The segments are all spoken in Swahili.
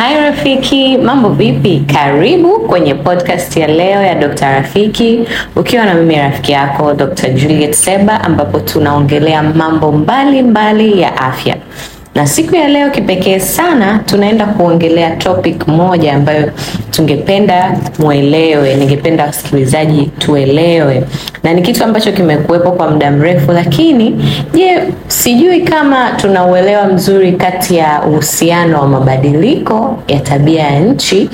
Hai rafiki, mambo vipi? Karibu kwenye podcast ya leo ya Dr. Rafiki ukiwa na mimi rafiki yako Dr. Juliet Seba ambapo tunaongelea mambo mbalimbali mbali ya afya na siku ya leo kipekee sana tunaenda kuongelea topic moja ambayo tungependa mwelewe, ningependa wasikilizaji tuelewe, na ni kitu ambacho kimekuwepo kwa muda mrefu, lakini je, sijui kama tuna uelewa mzuri kati ya uhusiano wa mabadiliko ya tabia ya nchi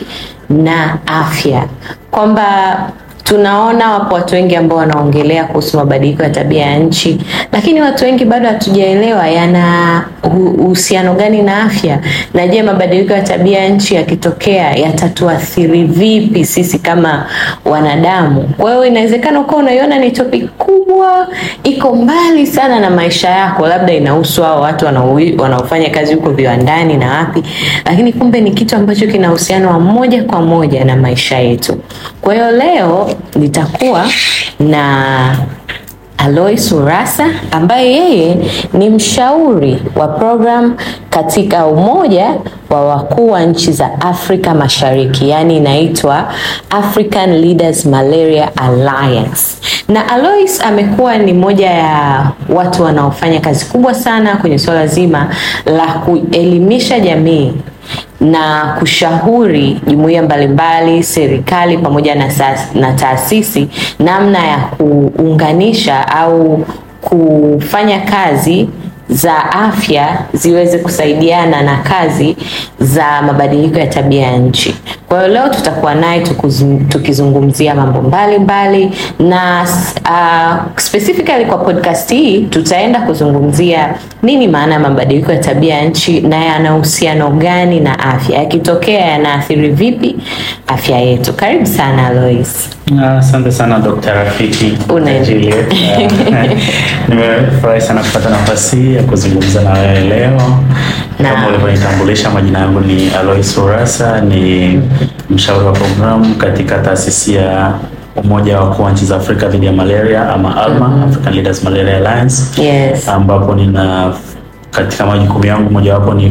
na afya kwamba tunaona wapo watu wengi ambao wanaongelea kuhusu mabadiliko ya tabia ya nchi, lakini watu wengi bado hatujaelewa yana uhusiano gani na afya, na je, mabadiliko ya tabia ya nchi yakitokea yatatuathiri vipi sisi kama wanadamu? Kwa hiyo inawezekana ukawa unaiona ni topic kubwa, iko mbali sana na maisha yako, labda inahusu hao watu wanaofanya kazi huko viwandani na wapi, lakini kumbe ni kitu ambacho kina uhusiano wa moja kwa moja na maisha yetu. Kwa hiyo leo litakuwa na Alois urasa ambaye yeye ni mshauri wa program katika Umoja wa Wakuu wa Nchi za Afrika Mashariki, yaani inaitwa African Leaders Malaria Alliance. Na Alois amekuwa ni moja ya watu wanaofanya kazi kubwa sana kwenye suala zima la kuelimisha jamii na kushauri jumuiya mbalimbali, serikali pamoja na, na taasisi namna ya kuunganisha au kufanya kazi za afya ziweze kusaidiana na kazi za mabadiliko ya tabia ya nchi. Kwa hiyo leo tutakuwa naye tukizungumzia mambo mbalimbali na uh, specifically kwa podcast hii tutaenda kuzungumzia nini maana ya mabadiliko ya tabia ya nchi na yana uhusiano gani na afya, yakitokea yanaathiri vipi afya yetu. Karibu sana Lois. Asante sana Dr. Rafiki. Nimefurahi sana kupata nafasi ya kuzungumza na wewe leo na, kama ulivyonitambulisha majina yangu ni Alois urasa ni mshauri wa programu katika taasisi ya Umoja wa Wakuu wa Nchi za Afrika dhidi ya Malaria ama ALMA, mm -hmm. African Leaders Malaria Alliance, yes. ambapo nina katika majukumu yangu mojawapo ni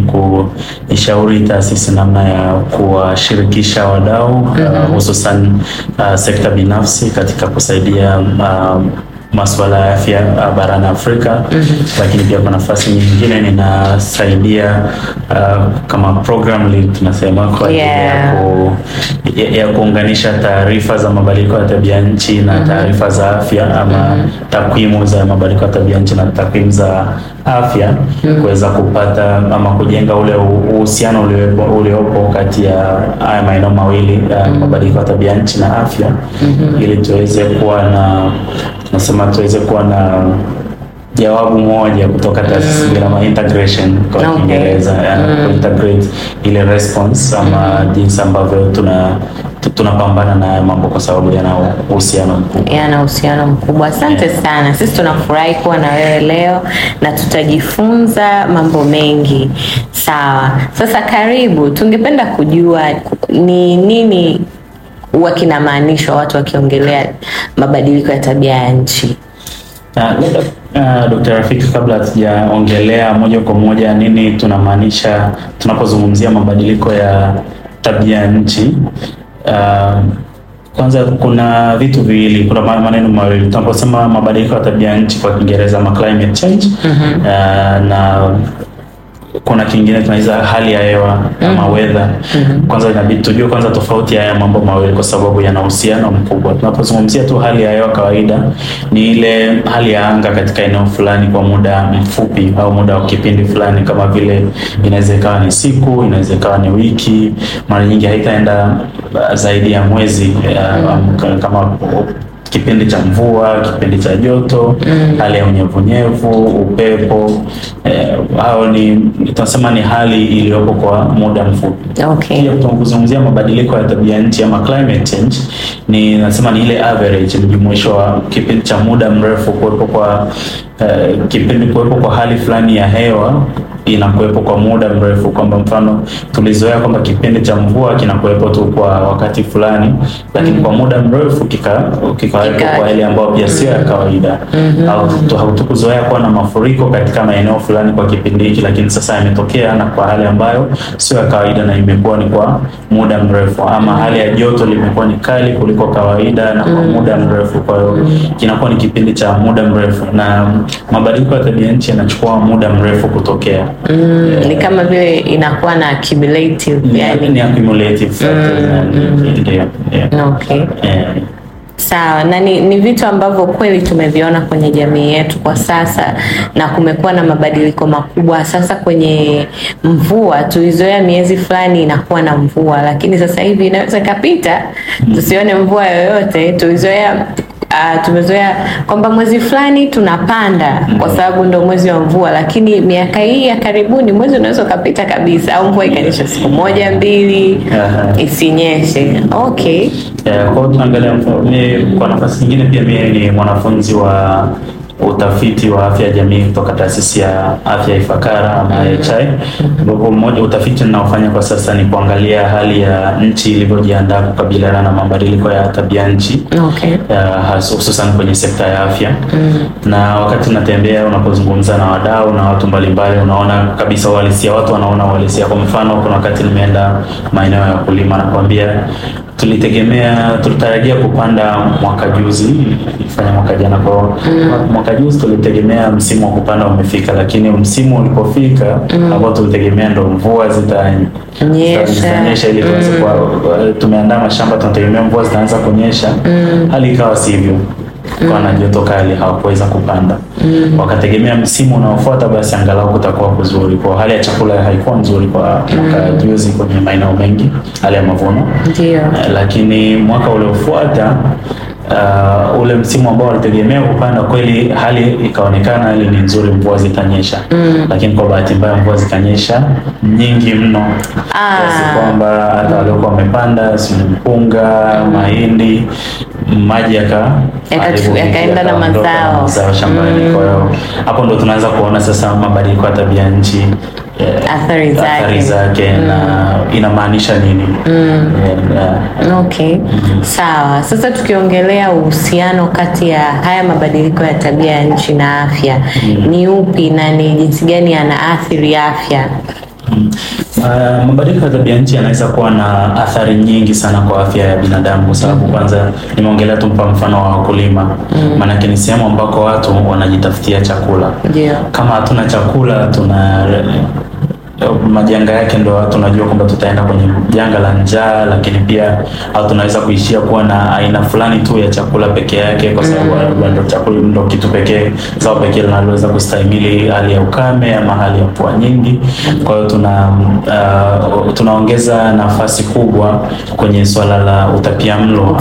kuishauri taasisi namna ya kuwashirikisha wadau mhm. uh, hususan mm -hmm. uh, uh, sekta binafsi katika kusaidia um, masuala ya afya uh, barani Afrika mm -hmm. Lakini pia kwa nafasi nyingine ninasaidia uh, kama program lead tunasema kwa ajili yeah. ya kuunganisha taarifa za mabadiliko ya tabia nchi na mm-hmm. taarifa za afya ama mm -hmm. takwimu za mabadiliko ya tabia nchi na takwimu za afya kuweza kupata ama kujenga ule uhusiano uliopo kati ya haya maeneo mawili mm-hmm. mabadiliko ya tabia nchi na afya, mm-hmm. ili tuweze kuwa na nasema, tuweze kuwa na jawabu moja kutoka mm-hmm. taasisi bila integration kwa Kiingereza, integrate ile response ama jinsi ambavyo tuna tunapambana na mambo kwa sababu yana uhusiano mkubwa, yana uhusiano mkubwa. Asante yeah, sana. Sisi tunafurahi kuwa na wewe leo na tutajifunza mambo mengi. Sawa, sasa karibu, tungependa kujua ni nini huwa kinamaanishwa watu wakiongelea mabadiliko ya tabia ya nchi. Uh, ah, ah, Dkt. Rafiki, kabla hatujaongelea moja kwa moja nini tunamaanisha tunapozungumzia mabadiliko ya tabia nchi, uh, kwanza kuna vitu viwili, kuna maneno mawili tunaposema mabadiliko ya tabia nchi kwa Kiingereza ma climate change mm -hmm. uh, na kuna kingine tunaiza hali ya hewa mm -hmm. ama weather. mm -hmm. Kwanza inabidi tujue kwanza tofauti ya haya mambo mawili, kwa sababu yana uhusiano mkubwa. Tunapozungumzia tu hali ya hewa kawaida, ni ile hali ya anga katika eneo fulani kwa muda mfupi au muda wa kipindi fulani, kama vile inaweza ikawa ni siku, inaweza ikawa ni wiki. Mara nyingi haitaenda zaidi ya mwezi eh, mm. kama kipindi cha mvua, kipindi cha joto mm. hali ya unyevunyevu, upepo eh, hao ni tunasema ni hali iliyopo kwa muda mfupi. Okay. Pia tunapozungumzia mabadiliko ya tabia nchi ama climate change, ni nasema ni ile average mjumuisho wa kipindi cha muda mrefu kuwepo kwa uh, kipindi kuwepo kwa hali fulani ya hewa inakuwepo kwa muda mrefu, kwamba mfano tulizoea kwamba kipindi cha mvua kinakuwepo tu kwa wakati fulani, lakini mm. kwa muda mrefu kikawepo kika kika kwa hali ambayo pia sio ya mm-hmm. kawaida mm -hmm. hatukuzoea kuwa na mafuriko katika maeneo fulani kwa kipindi hiki, lakini sasa yametokea na kwa hali ambayo sio ya kawaida na imekuwa ni kwa muda mrefu, ama mm-hmm. hali ya joto limekuwa ni kali kuliko kawaida na kwa mm-hmm. muda mrefu. Kwa hiyo kinakuwa ni kipindi cha muda mrefu na mabadiliko ya tabia nchi yanachukua muda mrefu kutokea. Mm, yeah. Ni eh, kama vile inakuwa na accumulative, mm, yani ni accumulative factors. Mm, eh, mm, mm, yeah, yeah. Okay. Yeah. Sawa, na ni, ni vitu ambavyo kweli tumeviona kwenye jamii yetu kwa sasa, na kumekuwa na mabadiliko makubwa sasa kwenye mvua. Tulizoea miezi fulani inakuwa na mvua, lakini sasa hivi inaweza ikapita mm. tusione mvua yoyote. Tulizoea Uh, tumezoea kwamba mwezi fulani tunapanda mm. kwa sababu ndo mwezi wa mvua, lakini miaka hii ya karibuni mwezi unaweza ukapita kabisa, au mvua ikanyesha siku moja mbili isinyeshe. Okay, yeah, kwa nafasi nyingine pia mimi ni mwanafunzi wa utafiti wa afya ya jamii kutoka taasisi ya afya Ifakara ama IHI, mm. ambapo mmoja utafiti ninaofanya kwa sasa ni kuangalia hali ya nchi ilivyojiandaa kukabiliana na mabadiliko ya tabia nchi okay, uh, hususan kwenye sekta ya afya mm. Na wakati unatembea unapozungumza na wadau na watu mbalimbali, unaona kabisa uhalisia, watu wanaona uhalisia. Kwa mfano, kuna wakati nimeenda maeneo ya kulima, nakwambia tulitegemea tulitarajia kupanda mwaka juzi fanya mwaka jana kwa mm. mwaka juzi tulitegemea msimu wa kupanda umefika, lakini msimu ulipofika mm. ambao tulitegemea ndo mvua zitanyesha ili tuanze mm. tumeandaa mashamba tunategemea mvua zitaanza kunyesha mm. hali ikawa sivyo kukawa na joto kali, hawakuweza kupanda mm. Wakategemea msimu unaofuata basi angalau kutakuwa kuzuri Kwa Hali ya chakula haikuwa nzuri kwa mwaka mm. juzi kwenye maeneo mengi, hali ya mavuno ndio, eh, lakini mwaka uliofuata uh, ule msimu ambao walitegemea kupanda kweli, hali ikaonekana hali ni nzuri, mvua zitanyesha mm. Lakini kwa bahati mbaya mvua zikanyesha nyingi mno ah. kiasi kwamba hata waliokuwa wamepanda si mpunga, mm. mahindi, maji yaka yakaenda na mazao shambani. Kwa hiyo hapo ndo tunaanza kuona sasa mabadiliko ya tabia nchi athari zake, zake mm. na inamaanisha nini mm. Okay mm. Sawa, sasa tukiongelea uhusiano kati ya haya mabadiliko ya tabia ya nchi na afya mm. ni upi na ni jinsi gani yanaathiri afya? Mm. Uh, mabadiliko ya tabia nchi yanaweza kuwa na athari nyingi sana kwa afya ya binadamu, kwa sababu mm. kwanza nimeongelea tu mfano wa wakulima mm. ni sehemu ambako watu wanajitafutia chakula yeah. Kama hatuna chakula tuna majanga yake ndo tunajua kwamba tutaenda kwenye janga la njaa, lakini pia au tunaweza kuishia kuwa na aina fulani tu ya chakula peke yake, kwa sababu mm. ndo chakula ndo kitu pekee zao pekee linaloweza kustahimili hali ya ukame ama hali ya mvua nyingi. Kwa hiyo tuna uh, tunaongeza nafasi kubwa kwenye swala la utapiamlo,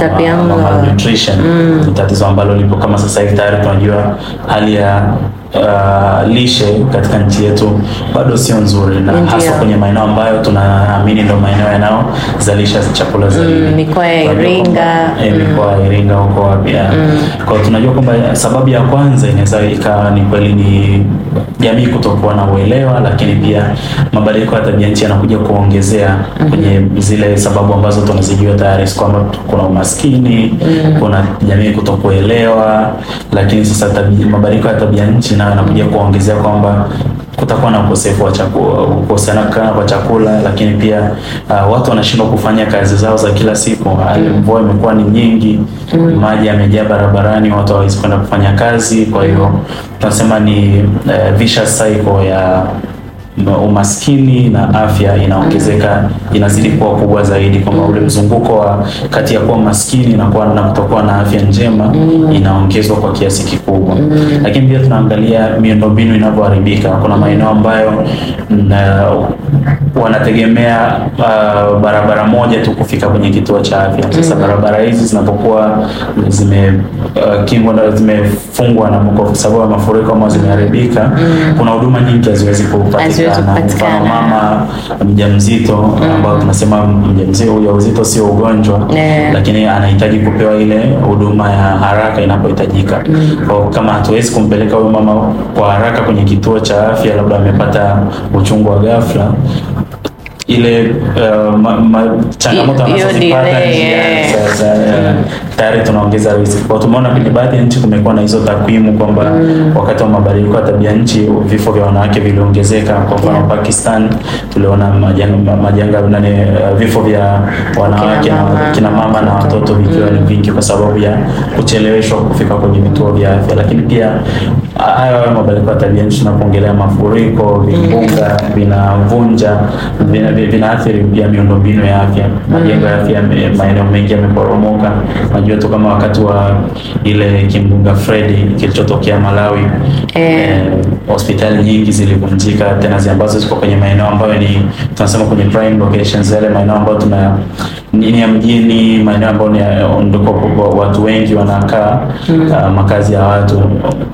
malnutrition, mm. tatizo ambalo lipo kama sasa hivi tayari tunajua hali ya uh, lishe katika nchi yetu bado sio nzuri na Ndiyo. hasa kwenye maeneo ambayo tunaamini ndio maeneo yanayozalisha chakula zaidi mm, mikoa ya Iringa e, mikoa ya Iringa huko wapi mm. kwa tunajua kwamba sababu ya kwanza inaweza ikawa ni kweli ni jamii kutokuwa na uelewa, lakini pia mabadiliko ya tabia nchi yanakuja kuongezea mm -hmm. kwenye zile sababu ambazo tunazijua tayari, kwamba kuna umaskini mm -hmm. kuna jamii kutokuelewa, lakini sasa mabadiliko ya tabia nchi na anakuja kuongezea kwamba kutakuwa na ukosefu wa chakula, kwa chakula, lakini pia uh, watu wanashindwa kufanya kazi zao za kila siku. Ah, mm. Mvua imekuwa ni nyingi, mm. maji yamejaa barabarani, watu hawawezi kwenda kufanya kazi. Kwa hiyo tunasema ni uh, vicious cycle ya umaskini na afya inaongezeka inazidi kuwa kubwa zaidi, kwamba mm. ule mzunguko wa kati ya kuwa maskini na kuwa na kutokuwa na afya njema mm. inaongezwa kwa kiasi kikubwa. Mm. Lakini pia tunaangalia miundombinu inavyoharibika. Kuna maeneo ambayo wanategemea uh, barabara moja tu kufika kwenye kituo cha afya. Sasa mm -hmm. barabara hizi zinapokuwa zimekingwa uh, zimefungwa na kwa sababu ya mafuriko ama zimeharibika, mm -hmm. kuna huduma nyingi haziwezi kupatikana. Mfano mama mjamzito mm -hmm. ambao tunasema mjamzito huyo uzito sio ugonjwa yeah, lakini anahitaji kupewa ile huduma ya haraka inapohitajika. mm -hmm. kama hatuwezi kumpeleka huyo mama kwa haraka kwenye kituo cha afya, labda amepata uchungu wa ghafla ile uh, changamoto anazozipata njiani sasa tayari tunaongeza risk. Kwa tumeona kwenye baadhi ya nchi kumekuwa na hizo takwimu kwamba mm. wakati wa mabadiliko ya tabia nchi vifo vya wanawake viliongezeka. Kwa mfano yeah. Pakistan tuliona majanga majanga nani, uh, vifo vya wanawake kina mama, kina mama na watoto mm. vikiwa ni mm. vingi kwa sababu ya kucheleweshwa kufika kwenye vituo vya afya, lakini pia haya hayo mabadiliko ya tabia nchi tunapoongelea mafuriko, vimbunga vinavunja vina, vinaathiri vina pia miundombinu ya afya, majengo ya afya, maeneo mengi yameporomoka unajua tu kama wakati wa ile kimbunga Freddy kilichotokea Malawi eh, eh, hospitali nyingi zilivunjika tena ambazo ziko kwenye maeneo ambayo ni tunasema kwenye prime locations, yale maeneo ambayo tuna ni ya mjini, maeneo ambayo ni ndoko ndiko watu wengi wanakaa mm. Uh, makazi ya watu,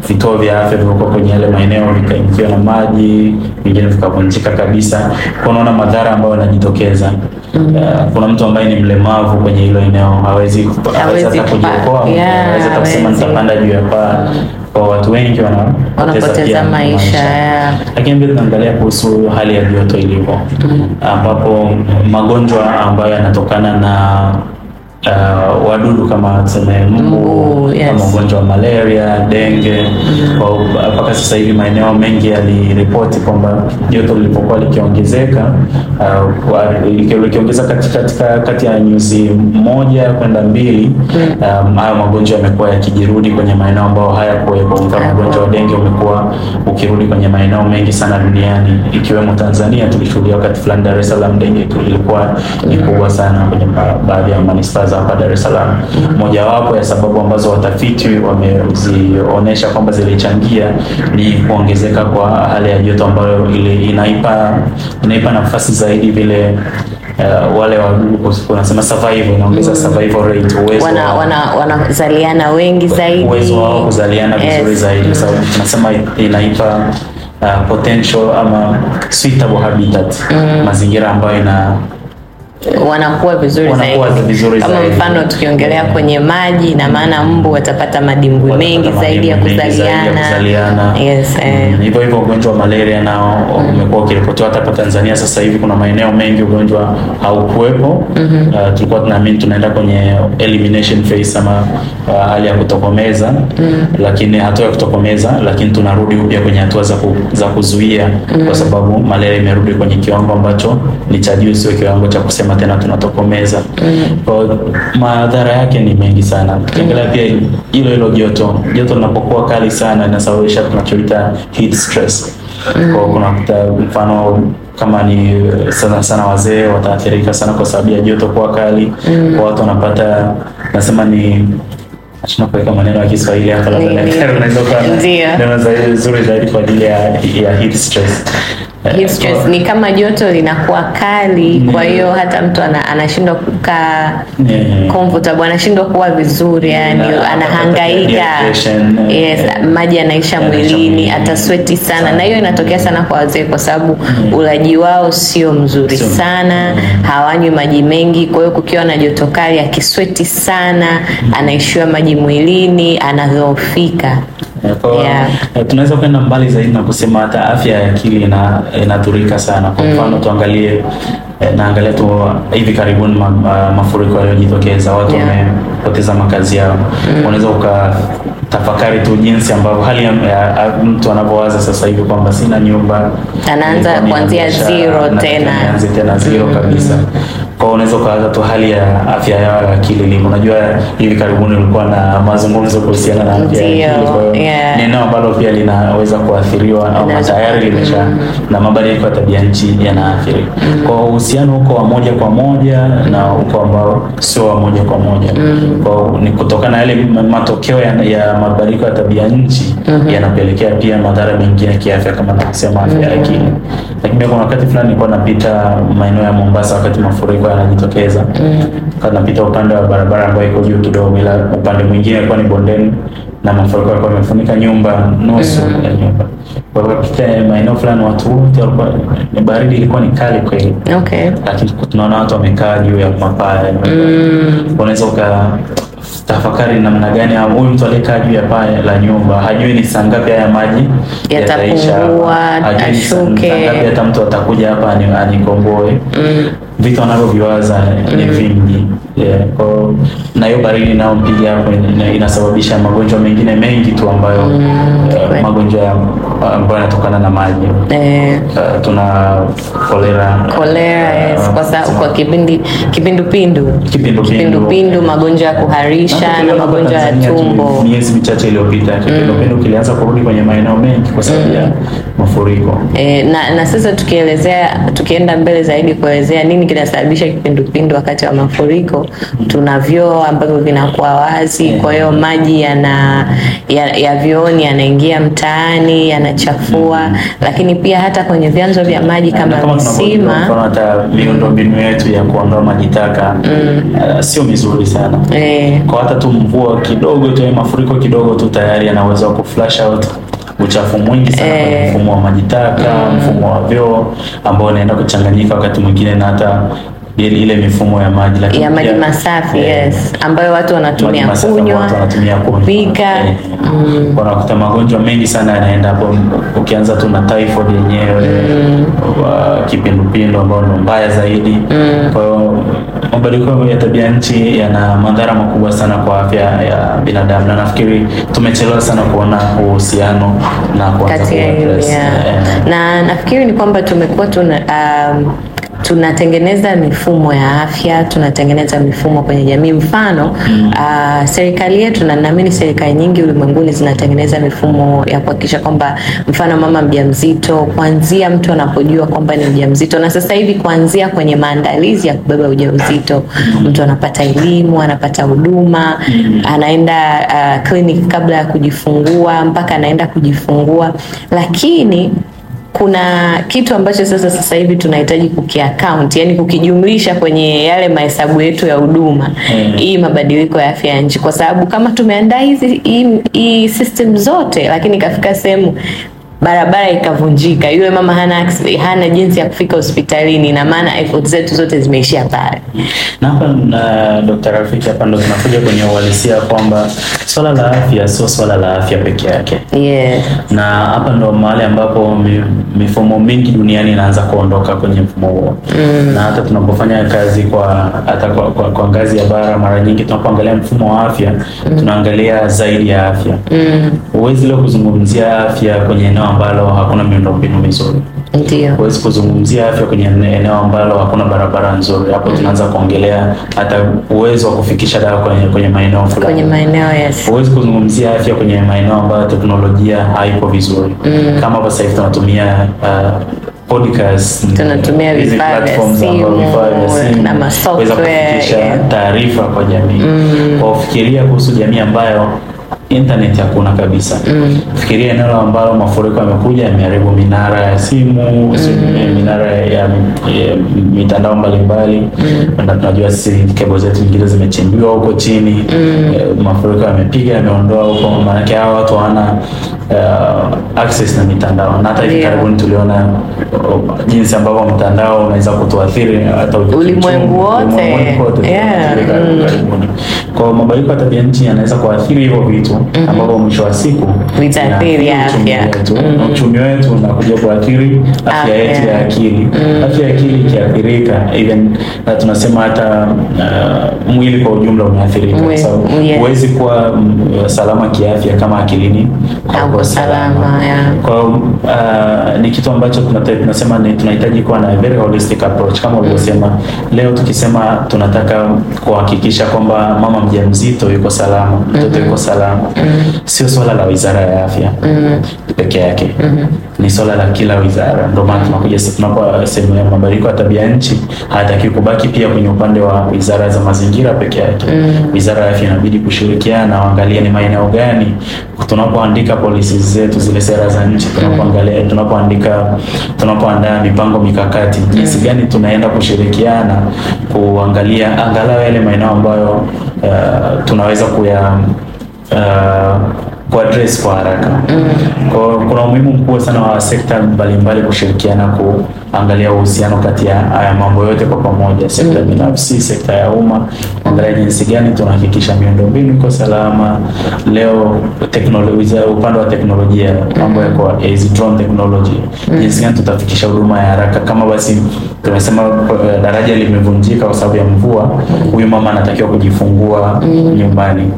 vituo vya afya vilikuwa kwenye yale maeneo vikaingiwa na maji, vingine vikavunjika kabisa, kwa unaona madhara ambayo yanajitokeza. mm. Uh, kuna mtu ambaye ni mlemavu kwenye hilo eneo hawezi hata kujiokoa, anaweza hata kusema nitapanda juu ya paa. Kwa watu wengi wanapoteza maisha, lakini pia tunaangalia kuhusu hali ya joto ilivyo, mm. ambapo magonjwa ambayo yanatokana na Uh, wadudu kama tuseme mbu yes, kama ugonjwa wa malaria, denge mm-hmm. mpaka mm -hmm. Sasa hivi maeneo mengi yaliripoti kwamba joto lilipokuwa likiongezeka uh, likiongeza kati, kati kati ya nyuzi moja kwenda mbili mm. um, hayo magonjwa yamekuwa yakijirudi kwenye maeneo ambayo hayakuwepo. Kama ugonjwa wa denge umekuwa ukirudi kwenye maeneo mengi sana duniani ikiwemo Tanzania. Tulishuhudia wakati fulani Dar es Salaam denge ilikuwa ni mm-hmm. kubwa sana kwenye baadhi ya manispaa za hapa Dar es Salaam. Mojawapo ya sababu ambazo watafiti wamezionyesha kwamba zilichangia ni kuongezeka kwa hali ya joto ambayo ile inaipa inaipa nafasi zaidi vile Uh, wale wadudu wanasema survival, naongeza mm. survival rate, uwezo wana wana wanazaliana wengi zaidi, uwezo wao kuzaliana vizuri zaidi, mm. sababu tunasema inaipa uh, potential ama suitable habitat, mm. mazingira ambayo ina wanakuwa vizuri zaidi, kama Mfano tukiongelea kwenye maji, na maana mbu watapata madimbwi mengi zaidi ya kuzaliana Yes, eh. Mm, hivyo ugonjwa wa malaria nao mm. umekuwa ukiripotiwa hata hapa Tanzania. Sasa hivi kuna maeneo mengi ugonjwa haukuwepo. mm -hmm. Uh, tulikuwa tunaamini tunaenda kwenye elimination phase ama uh, hali uh, ya kutokomeza mm lakini hatua ya kutokomeza, lakini tunarudi upya kwenye hatua za, ku, za kuzuia mm kwa sababu malaria imerudi kwenye kiwango ambacho ni cha juu, sio kiwango cha kusema tunasema tena tunatokomeza. Mm. Madhara yake ni mengi sana. Ukiangalia pia hilo hilo joto, joto linapokuwa kali sana inasababisha tunachoita heat stress. Mm. Kwa kunakuta mfano kama ni eh, sana sana wazee wataathirika sana kwa sababu ya joto kuwa kali. Mm. Kwa watu wanapata nasema ni Achana kuweka maneno ya Kiswahili hapa labda daktari unaweza kuwa neno zuri zaidi kwa ajili ya heat stress. Heat eh, just, ni kama joto linakuwa kali, kwa mm. hiyo hata mtu anashindwa kukaa mm. comfortable, anashindwa kuwa vizuri, yani anahangaika. Eh, yes, eh, maji anaisha mwilini, atasweti sana, na hiyo inatokea sana kwa wazee, kwa sababu mm. ulaji wao sio mzuri sana, hawanywi maji mengi. Kwa hiyo kukiwa na joto kali, akisweti sana, anaishiwa maji mwilini, anadhoofika yeah. Eh, tunaweza kwenda mbali zaidi na kusema hata afya ya akili inaturika sana. Kwa mm. mfano mm. tuangalie eh, naangalia tu hivi karibuni ma, ma, mafuriko yaliyojitokeza, watu wamepoteza yeah. makazi yao mm. unaweza ukatafakari tu jinsi ambavyo hali ya, ya mtu anavyowaza sasa hivi kwamba sina nyumba, anaanza kuanzia zero tena, anzi tena zero mm. kabisa mm kwao unaweza ukawaza tu hali ya afya yao ya akili ilivyo. Unajua, hivi karibuni ulikuwa na mazungumzo kuhusiana na afya ya akili, ni eneo ambalo pia linaweza kuathiriwa au tayari limesha na mabadiliko ya tabia nchi yanaathiri mm-hmm. kwa Uhusiano huko wa moja kwa moja na huko ambao sio wa moja kwa moja mm-hmm. kwao, ni kutokana na yale matokeo ya, ya mabadiliko ya tabia nchi mm-hmm. yanapelekea pia madhara mengine kiafya, kama navyosema afya ya akili. Lakini kuna wakati fulani nilikuwa napita maeneo ya Mombasa wakati mafuriko ambayo yanajitokeza mm. Napita upande wa barabara ambayo iko juu kidogo, ila upande mwingine alikuwa ni bondeni na mafuriko yalikuwa yamefunika nyumba nusu mm. ya nyumba. Kwa hiyo maeneo fulani watu wote walikuwa ni baridi, ilikuwa ni kali kweli okay. Lakini tunaona watu wamekaa juu ya mapaa, mm. unaweza uka tafakari namna gani huyu mtu aliyekaa juu ya paa la nyumba hajui ni saa ngapi haya maji yatapungua, ashuke, hata mtu atakuja hapa anikomboe. Mm. Vitu anavyoviwaza ni mm. vingi. Yeah, kwa na hiyo baridi inayompiga hapo inasababisha magonjwa mengine mengi tu ambayo mm, uh, magonjwa uh, ambayo yanatokana na maji eh, uh, tuna kolera kolera, uh, yes, kwa sababu kwa kipindi kipindupindu kipindupindu, magonjwa ya kuharisha na magonjwa ya tumbo. Miezi michache iliyopita mm. kipindupindu mm, kilianza kurudi kwenye maeneo mengi kwa sababu mm. ya mm, mafuriko eh, na, na sasa tukielezea tukienda mbele zaidi kuelezea nini kinasababisha kipindupindu wakati wa mafuriko tuna vyoo ambavyo vinakuwa wazi, kwa hiyo maji yana ya, ya vyooni yanaingia mtaani yanachafua, lakini pia hata kwenye vyanzo vya maji kama visima, hata miundombinu yetu ya kuondoa maji taka mm. uh, sio mizuri sana e. Kwa hata tu mvua kidogo tu, eh, mafuriko kidogo tu, tayari yanaweza kuflash out uchafu mwingi sana kwenye mfumo wa maji taka mm. mfumo wa vyoo ambao unaenda kuchanganyika wakati mwingine na hata ile ile mifumo ya maji lakini ya maji masafi yeah, yes, ambayo watu wanatumia kunywa, watu wanatumia kupika eh, mm. Wanakuta magonjwa mengi sana yanaenda hapo, ukianza tu na typhoid yenyewe mm. Kipindupindu ambao ni mbaya zaidi mm. Kwa hiyo mabadiliko ya tabia nchi yana madhara makubwa sana kwa afya ya binadamu, na nafikiri tumechelewa sana kuona uhusiano na kati ya yeah. Yeah. Na nafikiri ni kwamba tumekuwa tuna um, tunatengeneza mifumo ya afya, tunatengeneza mifumo kwenye jamii. Mfano mm. uh, serikali yetu na naamini serikali nyingi ulimwenguni zinatengeneza mifumo ya kuhakikisha kwamba mfano mama mjamzito, kuanzia mtu anapojua kwamba ni mjamzito, na sasa hivi kuanzia kwenye maandalizi ya kubeba ujauzito mm. mtu anapata elimu, anapata huduma mm. anaenda uh, ah, kliniki kabla ya kujifungua mpaka anaenda kujifungua, lakini kuna kitu ambacho sasa sasa hivi tunahitaji kukiaccount, yani kukijumlisha kwenye yale mahesabu yetu ya huduma mm. hmm, mabadiliko ya afya ya nchi, kwa sababu kama tumeandaa hizi hii system zote, lakini ikafika sehemu barabara ikavunjika, yule mama hana, hana jinsi ya kufika hospitalini. na maana effort zetu zote zimeishia pale. Na hapa uh, Dr. Rafiki, hapa ndo tunakuja kwenye uhalisia kwamba swala la afya sio swala la afya peke yake yeah. Na hapa ndo mahali ambapo mifumo mingi duniani inaanza kuondoka kwenye mfumo huo mm. Na hata tunapofanya kazi kwa hata kwa, kwa, kwa ngazi ya bara, mara nyingi tunapoangalia mfumo wa afya mm. tunaangalia zaidi ya afya mm. Uwezi leo kuzungumzia afya kwenye eneo ambalo hakuna miundombinu mizuri. Ndio. Huwezi kuzungumzia afya kwenye eneo ambalo hakuna barabara nzuri. Hapo mm. tunaanza kuongelea hata uwezo wa kufikisha dawa kwenye kwenye maeneo fulani. Kwenye maeneo yes. Huwezi kuzungumzia afya kwenye maeneo ambayo teknolojia haipo vizuri. Mm. Kama hapa sasa hivi tunatumia uh, podcast tunatumia vifaa vya simu na masoftware kufikisha taarifa kwa jamii. Mm. Kwa kufikiria kuhusu jamii ambayo internet hakuna kabisa. Mm. Fikiria eneo ambalo mafuriko yamekuja yameharibu minara ya simu, mm. minara ya ya, mitandao mbalimbali mm. na tunajua sisi kebo zetu nyingine zimechimbiwa huko chini mm. E, mafuriko yamepiga yameondoa huko, maanake hawa watu hawana uh, access na mitandao, na hata hivi yeah. karibuni tuliona uh, jinsi ambavyo mtandao unaweza kutuathiri hata ulimwengu wote. Kwa mabadiliko ya tabia nchi yanaweza kuathiri hivyo vitu mm ambavyo mwisho wa siku vitaathiri afya yetu mm -hmm. uchumi wetu mhm. na kuja kuathiri afya yetu ya akili. Mhm. Afya ya akili ikiathirika, even na tunasema hata uh, mwili kwa ujumla umeathirika, kwa sababu huwezi kuwa mm, salama kiafya kama akilini hauko salama. Kwa hiyo uh, ni kitu ambacho tunasema ni tunahitaji kuwa na very holistic approach kama ulivyosema. Leo tukisema tunataka kuhakikisha kwamba mama mjamzito yuko salama, mtoto mm -hmm. yuko mm-hmm. salama mm -hmm. sio swala la wizara ya afya mm -hmm. peke yake mm -hmm. ni swala la kila wizara. Ndio maana tunakuja tunapo sehemu ya mabadiliko ya tabia nchi, hataki kubaki pia kwenye upande wa wizara za mazingira peke yake mm -hmm. wizara ya afya inabidi kushirikiana, na waangalie ni maeneo gani tunapoandika polisi zetu, zile sera za nchi, tunapoangalia mm-hmm. tunapoandika, tunapoandaa mipango mikakati, jinsi mm-hmm. gani tunaenda kushirikiana kuangalia angalau yale maeneo ambayo uh, tunaweza kuya uh, kuaddress kwa haraka. Mm. Kwa kuna umuhimu mkubwa sana wa sekta mbalimbali kushirikiana ku angalia uhusiano kati ya haya mambo yote kwa pamoja, sekta binafsi, sekta ya umma, angalia jinsi gani tunahakikisha miundombinu iko salama. Leo teknolojia, upande wa teknolojia mambo yako as drone technology, jinsi gani tutafikisha huduma ya haraka. Kama basi tumesema eh, daraja limevunjika kwa sababu ya mvua, huyu mama anatakiwa kujifungua nyumbani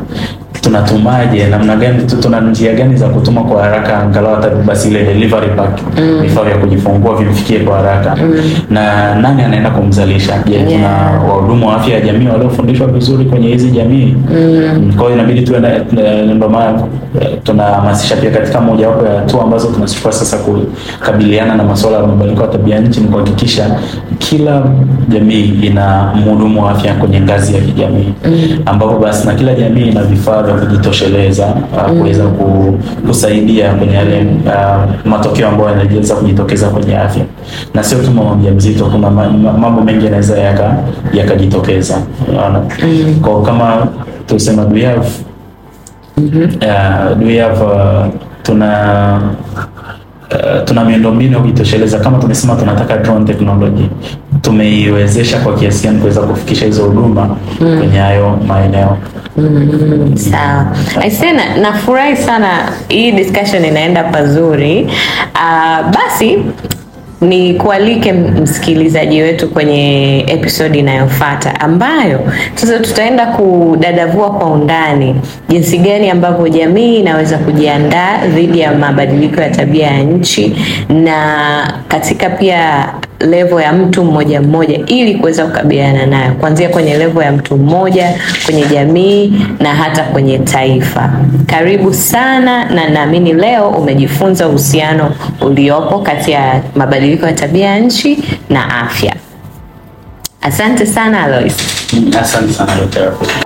tunatumaje, namna gani, tuna njia gani za kutuma kwa haraka, angalau hata basi ile delivery pack mm. vifaa vya kujifungua vifikie kwa haraka mm. na nani anaenda kumzalisha? Je, yeah. tuna wahudumu wa afya ya jamii waliofundishwa vizuri kwenye hizi jamii mm. mm kwa hiyo inabidi tuwe, ndio maana eh, tunahamasisha pia katika moja wapo ya hatua ambazo tunachukua sasa kukabiliana na masuala ya mabadiliko ya tabia nchi ni kuhakikisha kila jamii ina mhudumu wa afya kwenye ngazi ya kijamii mm. ambapo basi na kila jamii ina vifaa kujitosheleza uh, mm. kuweza kusaidia kwenye yale uh, matokeo ambayo yanaweza kujitokeza kwenye afya, na sio tu mama mjamzito, kuna mambo mengi yanaweza yakajitokeza unaona. Mm. kwa kama tusema do we have, mm-hmm. uh, do we have uh, tuna Eh, tuna miundombinu ya kujitosheleza kama tumesema, tunataka drone technology tumeiwezesha kwa kiasi gani kuweza kufikisha hizo huduma mm. kwenye hayo maeneo mm. Sawa aisee, nafurahi sana hii discussion inaenda pazuri. Uh, basi ni kualike msikilizaji wetu kwenye episodi inayofata ambayo sasa tutaenda kudadavua kwa undani jinsi gani ambavyo jamii inaweza kujiandaa dhidi ya mabadiliko ya tabia ya nchi na katika pia levo ya mtu mmoja mmoja, ili kuweza kukabiliana nayo, kuanzia kwenye levo ya mtu mmoja, kwenye jamii na hata kwenye taifa. Karibu sana, na naamini leo umejifunza uhusiano uliopo kati ya mabadiliko ya tabia ya nchi na afya. Asante sana Alois. Asante sana Dr.